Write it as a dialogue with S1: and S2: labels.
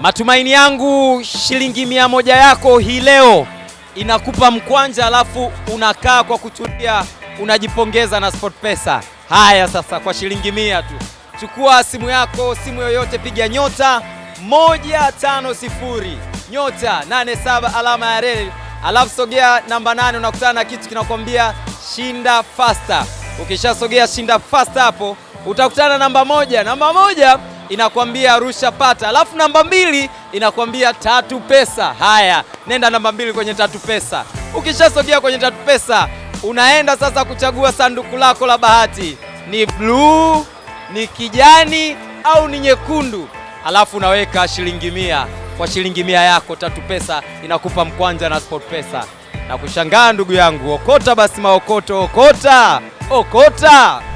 S1: Matumaini yangu shilingi mia moja yako hii leo inakupa mkwanja, alafu unakaa kwa kutulia, unajipongeza na SportPesa. Haya sasa, kwa shilingi mia tu chukua simu yako, simu yoyote, piga nyota sifuri nyota saba alama ya reli, alafu sogea namba nane, unakutana na kitu kinakwambia shinda fasta. Ukishasogea shinda fasta hapo utakutana namba moja, namba moja inakwambia Arusha pata, alafu namba mbili inakwambia tatu pesa. Haya, nenda namba mbili kwenye tatu pesa. Ukishasogea kwenye tatu pesa, unaenda sasa kuchagua sanduku lako la bahati, ni bluu, ni kijani au ni nyekundu, alafu unaweka shilingi mia. Kwa shilingi mia yako tatu pesa inakupa mkwanja na sport pesa na kushangaa ndugu yangu, okota basi maokoto, okota okota.